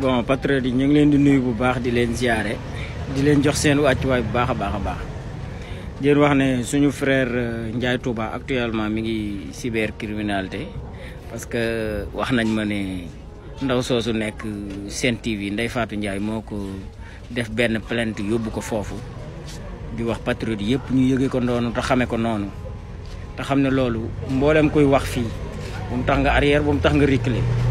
bon patriote yi ñu ngi leen di nuyu bu baax di leen ziare di leen jox seen wàccuwaay bu baax a baax a baax di wax ne suñu frer euh, Ndiaye Touba actuellement mi ngi cybercriminalité parce que euh, wax nañ ma ne ndaw soosu nekk euh, Sen TV Ndeye faatu Ndiaye moo ko def benn plainte yóbbu ko foofu di wax patriote yëpp ñu yëgee ko noonu te xamee ko noonu te xam ne loolu mboolem koy wax fii bu mu tax nga arrière bu mu tax nga reculer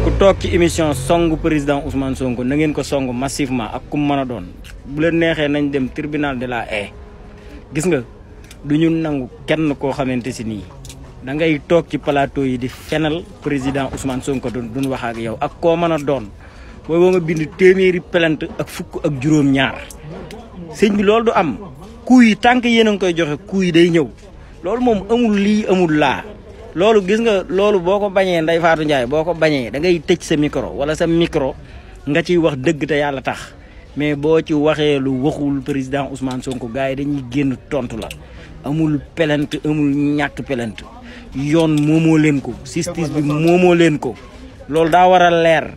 ku toog ci émission song président Ousmane Sonko na ngeen ko songu massivement ak ku mën a doon bu leen neexee nañ dem tribunal de la haie gis nga du ñun nangu kenn koo xamante si nii da ngay toog ci plateau yi di fenal président Ousmane Sonko du duñ wax ak yow ak koo mën a doon booy boo nga bind téeméeri plainte ak fukk ak juróom-ñaar sëñ bi loolu du am coup yi tànk yéen a ngi koy joxe coup yi day ñëw loolu moom amul lii amul laa loolu gis nga loolu boo ko bañee nday Fatou Ndiaye boo ko bañee da ngay tëj sa micro wala sa micro nga ciy wax dëgg te yàlla tax mais boo ci waxee lu waxul président Ousmane Sonko gars yi dañuy génn tontu la amul pelent amul ñàkk pelent yoon moomoo leen ko justice bi moomoo leen ko loolu daa war leer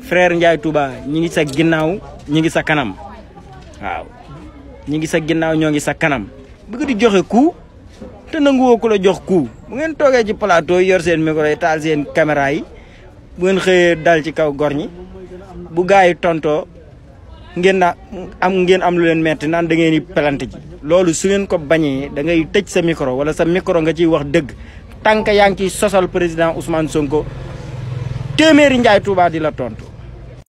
freer Ndiaye Touba ñi ngi sa ginnaaw ñi ngi sa kanam waaw ñi ngi sa ginnaaw ñoo ngi sa kanam bëgg joxe ku te nanguwoo ku la jox ku bu ngeen toogee ci plateau yor seen micro yi taal seen caméra yi bu ngeen xëyee dal ci kaw gor ñi bu gars yi tontoo ngeen na am ngeen am lu leen metti naan da ngeen di pelante ji. loolu su ngeen ko bañee da ngay tëj sa micro wala sa micro nga ciy wax dëgg tànk yaa ngi ciy sosal président Ousmane Sonko téeméeri njaay Touba di la tontu.